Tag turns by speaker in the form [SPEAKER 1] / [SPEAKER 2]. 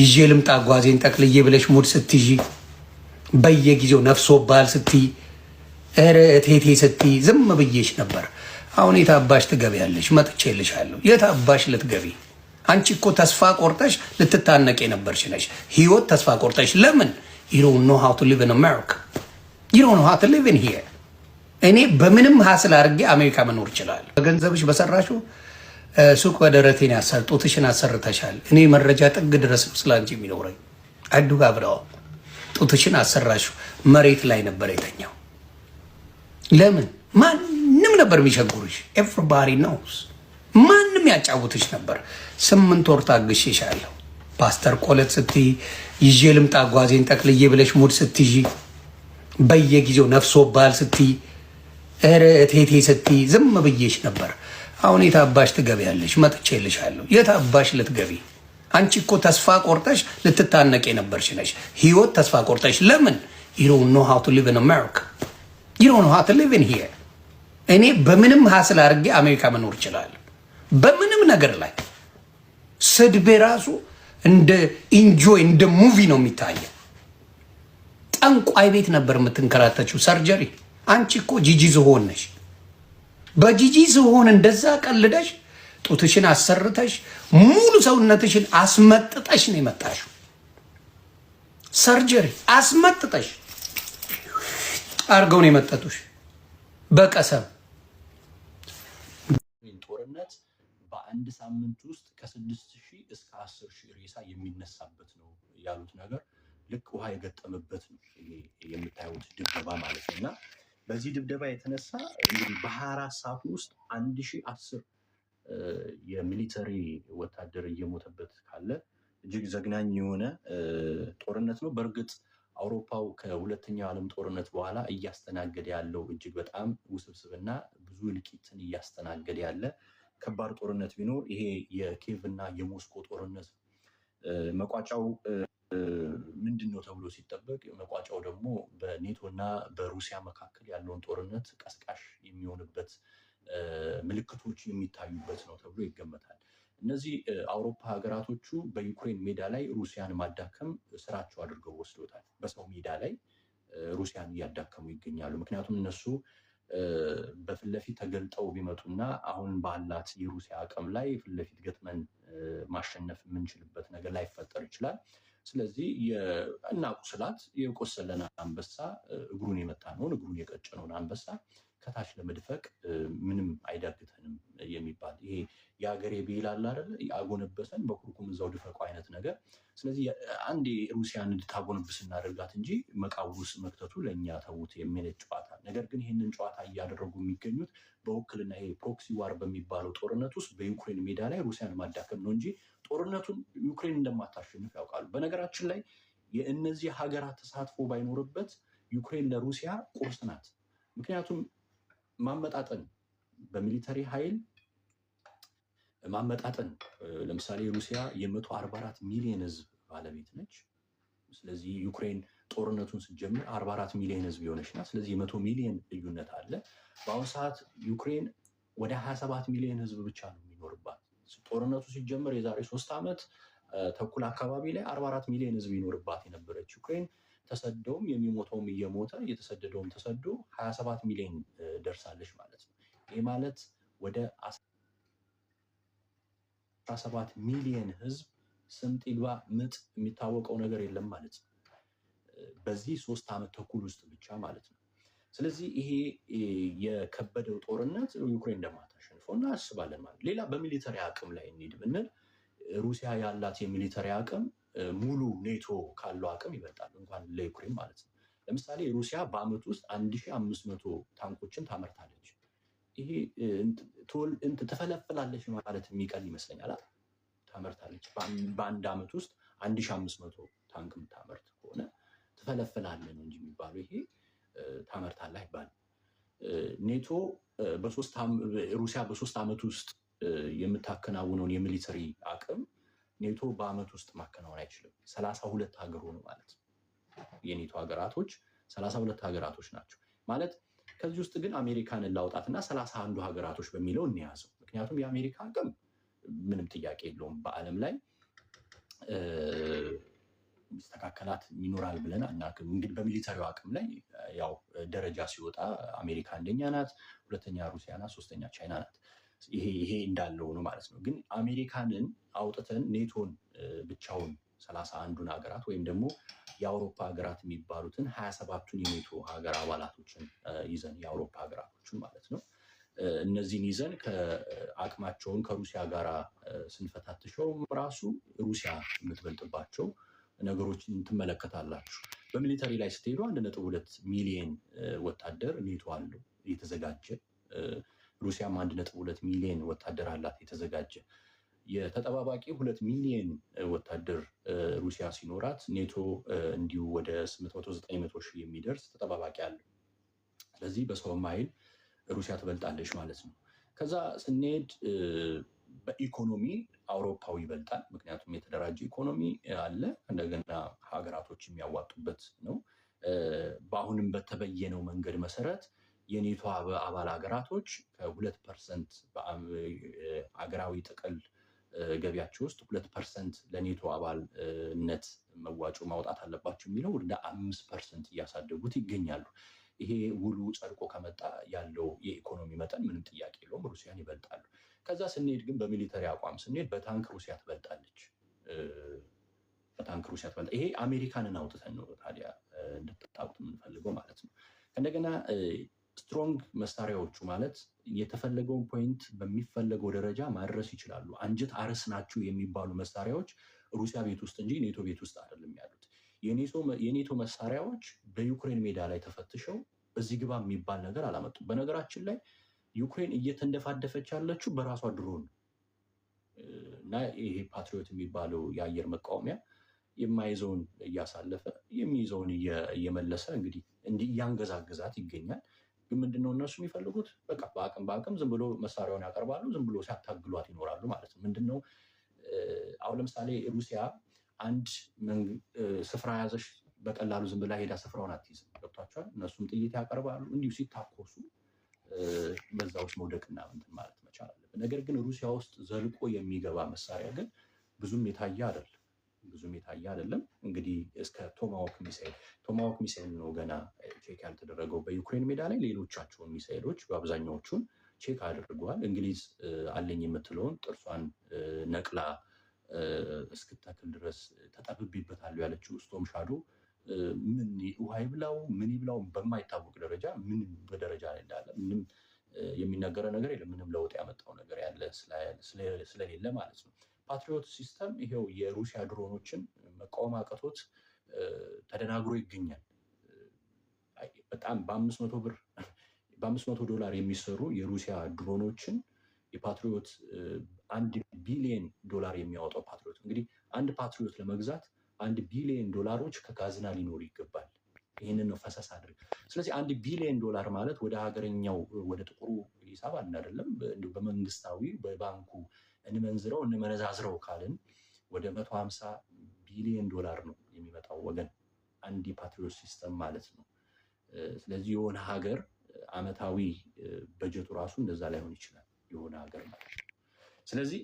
[SPEAKER 1] ይዤ ልምጣ ጓዜን ጠቅልዬ ብለሽ ሙድ ስትይ በየጊዜው ነፍሶ ባል ስትይ ኧረ እቴቴ ስትይ ዝም ብዬሽ ነበር። አሁን የታባሽ ትገቢያለሽ? መጥቼልሻለሁ። የታባሽ ልትገቢ? አንቺ እኮ ተስፋ ቆርጠሽ ልትታነቅ የነበርሽ ነሽ። ህይወት ተስፋ ቆርጠሽ ለምን? you don't know how to live in America you don't know how to live እኔ በምንም ሀስል አድርጌ አሜሪካ መኖር ይችላል። በገንዘብሽ በሰራሽው ሱቅ በደረቴን ያሳል ጡትሽን አሰርተሻል። እኔ መረጃ ጥግ ድረስ ነው ስለ አንቺ የሚኖረኝ። አዱ አብረዋው ጡትሽን አሰራሹ መሬት ላይ ነበር የተኛው። ለምን ማንም ነበር የሚቸግሩሽ። ኤቭሪባዲ ኖውስ ማንም ያጫውትሽ ነበር። ስምንት ወር ታግሼሻለሁ። ፓስተር ቆለት ስትይ ይዤ ልምጣ ጓዜን ጠቅልዬ ብለሽ ሙድ ስትይ፣ በየጊዜው ነፍሶ ባል ስትይ፣ ቴቴ እቴቴ ስትይ ዝም ብዬሽ ነበር። አሁን የት አባሽ ትገቢያለሽ? መጥቼልሻለሁ። የት አባሽ ልትገቢ? አንቺ እኮ ተስፋ ቆርጠሽ ልትታነቅ የነበርሽ ነሽ። ህይወት ተስፋ ቆርጠሽ ለምን? ዩ ዶንት ኖ ሃው ቱ ሊቭ ኢን አሜሪካ ዩ ዶንት ኖ ሃው ቱ ሊቭ ኢን ሂር። እኔ በምንም ሀስል አድርጌ አሜሪካ መኖር እችላለሁ፣ በምንም ነገር ላይ ስድቤ ራሱ እንደ ኢንጆይ እንደ ሙቪ ነው የሚታየው። ጠንቋይ ቤት ነበር የምትንከራተችው። ሰርጀሪ አንቺ እኮ ጂጂ ዝሆን ነሽ። በጂጂ ዝሆን እንደዛ ቀልደሽ ጡትሽን አሰርተሽ ሙሉ ሰውነትሽን አስመጥጠሽ ነው የመጣሽው። ሰርጀሪ አስመጥጠሽ አርገውን የመጠጡሽ በቀሰም
[SPEAKER 2] ጦርነት በአንድ ሳምንት ውስጥ ከስድስት ሺህ እስከ አስር ሺህ ሬሳ የሚነሳበት ነው ያሉት ነገር ልክ ውሃ የገጠመበት ነው የምታዩት ድብደባ ማለት ነው እና በዚህ ድብደባ የተነሳ እንግዲህ በ24 ሰዓት ውስጥ አንድ ሺህ አስር የሚሊተሪ ወታደር እየሞተበት ካለ እጅግ ዘግናኝ የሆነ ጦርነት ነው። በእርግጥ አውሮፓው ከሁለተኛው ዓለም ጦርነት በኋላ እያስተናገደ ያለው እጅግ በጣም ውስብስብና ብዙ እልቂትን እያስተናገደ ያለ ከባድ ጦርነት ቢኖር ይሄ የኬቭ እና የሞስኮ ጦርነት መቋጫው ምንድን ነው ተብሎ ሲጠበቅ መቋጫው ደግሞ በኔቶ እና በሩሲያ መካከል ያለውን ጦርነት ቀስቃሽ የሚሆንበት ምልክቶች የሚታዩበት ነው ተብሎ ይገመታል። እነዚህ አውሮፓ ሀገራቶቹ በዩክሬን ሜዳ ላይ ሩሲያን ማዳከም ስራቸው አድርገው ወስዶታል። በሰው ሜዳ ላይ ሩሲያን እያዳከሙ ይገኛሉ። ምክንያቱም እነሱ በፊት ለፊት ተገልጠው ቢመጡና አሁን ባላት የሩሲያ አቅም ላይ ፊት ለፊት ገጥመን ማሸነፍ የምንችልበት ነገር ላይፈጠር ይችላል። ስለዚህ እና ቁስላት የቆሰለን አንበሳ እግሩን የመታ ነውን እግሩን የቀጨነውን አንበሳ ከታች ለመድፈቅ ምንም አይዳግተንም የሚባል ይሄ የሀገሬ ብሂል አይደለ አጎነበሰን በኩርኩም እዛው ድፈቁ አይነት ነገር። ስለዚህ አንድ ሩሲያን እንድታጎነብስ እናደርጋት እንጂ መቃብር መክተቱ ለእኛ ተዉት የሚነጭ ጨዋታ ነገር ግን ይህንን ጨዋታ እያደረጉ የሚገኙት በውክልና ይሄ ፕሮክሲ ዋር በሚባለው ጦርነት ውስጥ በዩክሬን ሜዳ ላይ ሩሲያን ማዳከም ነው እንጂ ጦርነቱን ዩክሬን እንደማታሸንፍ ያውቃሉ። በነገራችን ላይ የእነዚህ ሀገራት ተሳትፎ ባይኖርበት ዩክሬን ለሩሲያ ቁርስ ናት። ምክንያቱም ማመጣጠን በሚሊተሪ ኃይል ማመጣጠን ለምሳሌ ሩሲያ የመቶ አርባ ሚሊዮን ህዝብ ባለቤት ነች። ስለዚህ ዩክሬን ጦርነቱን ስትጀምር አርባ ሚሊዮን ህዝብ የሆነች ናት። ስለዚህ የመቶ ሚሊዮን ልዩነት አለ። በአሁኑ ሰዓት ዩክሬን ወደ ሀያ ሚሊዮን ህዝብ ብቻ ነው የሚኖርባት። ጦርነቱ ሲጀምር የዛሬ ሶስት ዓመት ተኩል አካባቢ ላይ አርባ ሚሊዮን ህዝብ ይኖርባት የነበረች ዩክሬን ተሰደውም የሚሞተውም እየሞተ እየተሰደደውም ተሰዶ ሀያ ሚሊዮን ደርሳለች ማለት ነው። ይህ ማለት ወደ አስራ ሚሊዮን ህዝብ ስምጥ ይግባ ምጥ የሚታወቀው ነገር የለም ማለት ነው። በዚህ ሶስት ዓመት ተኩል ውስጥ ብቻ ማለት ነው። ስለዚህ ይሄ የከበደው ጦርነት ዩክሬን እንደማታሸንፈው እናስባለን ማለት ሌላ በሚሊተሪ አቅም ላይ እንሂድ ብንል ሩሲያ ያላት የሚሊተሪ አቅም ሙሉ ኔቶ ካለው አቅም ይበልጣል፣ እንኳን ለዩክሬን ማለት ነው። ለምሳሌ ሩሲያ በአመት ውስጥ 1500 ታንኮችን ታመርታለች። ይሄ ትፈለፍላለች ማለት የሚቀል ይመስለኛል። ታመርታለች። በአንድ ዓመት ውስጥ አንድ አምስት መቶ ታንክ የምታመርት ከሆነ ትፈለፍላለን እንጂ የሚባለው ይሄ ታመርታለህ አይባልም። ኔቶ ሩሲያ በሶስት ዓመት ውስጥ የምታከናውነውን የሚሊተሪ አቅም ኔቶ በዓመት ውስጥ ማከናወን አይችልም። ሰላሳ ሁለት ሀገር ሆኑ ማለት ነው። የኔቶ ሀገራቶች ሰላሳ ሁለት ሀገራቶች ናቸው ማለት ከዚህ ውስጥ ግን አሜሪካንን ላውጣትና ሰላሳ አንዱ ሀገራቶች በሚለው እንያዘው። ምክንያቱም የአሜሪካ አቅም ምንም ጥያቄ የለውም። በዓለም ላይ ሚስተካከላት ይኖራል ብለን አናውቅም። እንግዲህ በሚሊተሪው አቅም ላይ ያው ደረጃ ሲወጣ አሜሪካ አንደኛ ናት፣ ሁለተኛ ሩሲያ ናት፣ ሶስተኛ ቻይና ናት። ይሄ ይሄ እንዳለው ነው ማለት ነው። ግን አሜሪካንን አውጥተን ኔቶን ብቻውን ሰላሳ አንዱን ሀገራት ወይም ደግሞ የአውሮፓ ሀገራት የሚባሉትን ሀያ ሰባቱን የኔቶ ሀገር አባላቶችን ይዘን የአውሮፓ ሀገራቶችን ማለት ነው እነዚህን ይዘን ከአቅማቸውን ከሩሲያ ጋር ስንፈታትሸው ራሱ ሩሲያ የምትበልጥባቸው ነገሮችን ትመለከታላችሁ። በሚሊተሪ ላይ ስትሄዱ አንድ ነጥብ ሁለት ሚሊየን ወታደር ኔቶ አለው የተዘጋጀ። ሩሲያም አንድ ነጥብ ሁለት ሚሊየን ወታደር አላት የተዘጋጀ። የተጠባባቂ ሁለት ሚሊየን ወታደር ሩሲያ ሲኖራት ኔቶ እንዲሁ ወደ መቶ ሺህ የሚደርስ ተጠባባቂ አለ። ስለዚህ በሰውም ኃይል ሩሲያ ትበልጣለች ማለት ነው። ከዛ ስንሄድ በኢኮኖሚ አውሮፓው ይበልጣል። ምክንያቱም የተደራጀ ኢኮኖሚ አለ፣ እንደገና ሀገራቶች የሚያዋጡበት ነው። በአሁንም በተበየነው መንገድ መሰረት የኔቶ አባል ሀገራቶች ከሁለት ፐርሰንት አገራዊ ጥቅል ገቢያቸው ውስጥ ሁለት ፐርሰንት ለኔቶ አባልነት መዋጮ ማውጣት አለባቸው የሚለው ወደ አምስት ፐርሰንት እያሳደጉት ይገኛሉ። ይሄ ውሉ ጸድቆ ከመጣ ያለው የኢኮኖሚ መጠን ምንም ጥያቄ የለውም፣ ሩሲያን ይበልጣሉ። ከዛ ስንሄድ ግን በሚሊተሪ አቋም ስንሄድ በታንክ ሩሲያ ትበልጣለች። በታንክ ሩሲያ ትበልጣ ይሄ አሜሪካንን አውጥተን ነው ታዲያ እንድታውቁት የምንፈልገው ማለት ነው። እንደገና ስትሮንግ መሳሪያዎቹ ማለት የተፈለገውን ፖይንት በሚፈለገው ደረጃ ማድረስ ይችላሉ። አንጀት አረስ ናቸው የሚባሉ መሳሪያዎች ሩሲያ ቤት ውስጥ እንጂ ኔቶ ቤት ውስጥ አይደለም ያሉ የኔቶ መሳሪያዎች በዩክሬን ሜዳ ላይ ተፈትሸው በዚህ ግባ የሚባል ነገር አላመጡም። በነገራችን ላይ ዩክሬን እየተንደፋደፈች ያለችው በራሷ ድሮን እና ይሄ ፓትሪዮት የሚባለው የአየር መቃወሚያ የማይዘውን እያሳለፈ የሚይዘውን እየመለሰ እንግዲህ እንዲህ ይገኛል። ግን ምንድነው እነሱ የሚፈልጉት በቃ በአቅም በአቅም ዝም ብሎ መሳሪያውን ያቀርባሉ፣ ዝም ብሎ ሲያታግሏት ይኖራሉ ማለት ነው። ምንድነው አሁን ለምሳሌ ሩሲያ አንድ ስፍራ ያዘሽ በቀላሉ ዝም ብላ ሄዳ ስፍራውን አትይዝም። ገብቷቸዋል። እነሱም ጥይት ያቀርባሉ። እንዲሁ ሲታኮሱ በዛ ውስጥ መውደቅና እንትን ማለት መቻል አለብን። ነገር ግን ሩሲያ ውስጥ ዘልቆ የሚገባ መሳሪያ ግን ብዙም የታየ አይደለም። ብዙም የታየ አይደለም። እንግዲህ እስከ ቶማሆክ ሚሳይል ቶማሆክ ሚሳይል ነው ገና ቼክ ያልተደረገው በዩክሬን ሜዳ ላይ። ሌሎቻቸውን ሚሳይሎች በአብዛኛዎቹን ቼክ አድርገዋል። እንግሊዝ አለኝ የምትለውን ጥርሷን ነቅላ እስክታክል ድረስ ተጠብቤበታለሁ ያለችው ስቶም ሻዶ ምን ውሃ ይብላው ምን ይብላው በማይታወቅ ደረጃ ምን በደረጃ ላይ እንዳለ ምንም የሚነገረ ነገር የለም። ምንም ለውጥ ያመጣው ነገር ያለ ስለሌለ ማለት ነው። ፓትሪዮት ሲስተም ይሄው የሩሲያ ድሮኖችን መቃወም አቅቶት ተደናግሮ ይገኛል። በጣም በአምስት መቶ ብር በአምስት መቶ ዶላር የሚሰሩ የሩሲያ ድሮኖችን የፓትሪዮት አንድ ቢሊየን ዶላር የሚያወጣው ፓትሪዮት እንግዲህ አንድ ፓትሪዮት ለመግዛት አንድ ቢሊየን ዶላሮች ከካዝና ሊኖሩ ይገባል። ይህንን ነው ፈሰስ አድርግ። ስለዚህ አንድ ቢሊየን ዶላር ማለት ወደ ሀገረኛው ወደ ጥቁሩ ሂሳብ አንድ አደለም እንዲሁ በመንግስታዊ በባንኩ እንመንዝረው እንመነዛዝረው ካልን ወደ መቶ ሀምሳ ቢሊየን ዶላር ነው የሚመጣው ወገን አንድ የፓትሪዮት ሲስተም ማለት ነው። ስለዚህ የሆነ ሀገር አመታዊ በጀቱ ራሱ እንደዛ ላይሆን ይችላል። የሆነ ሀገር ማለት ነው። ስለዚህ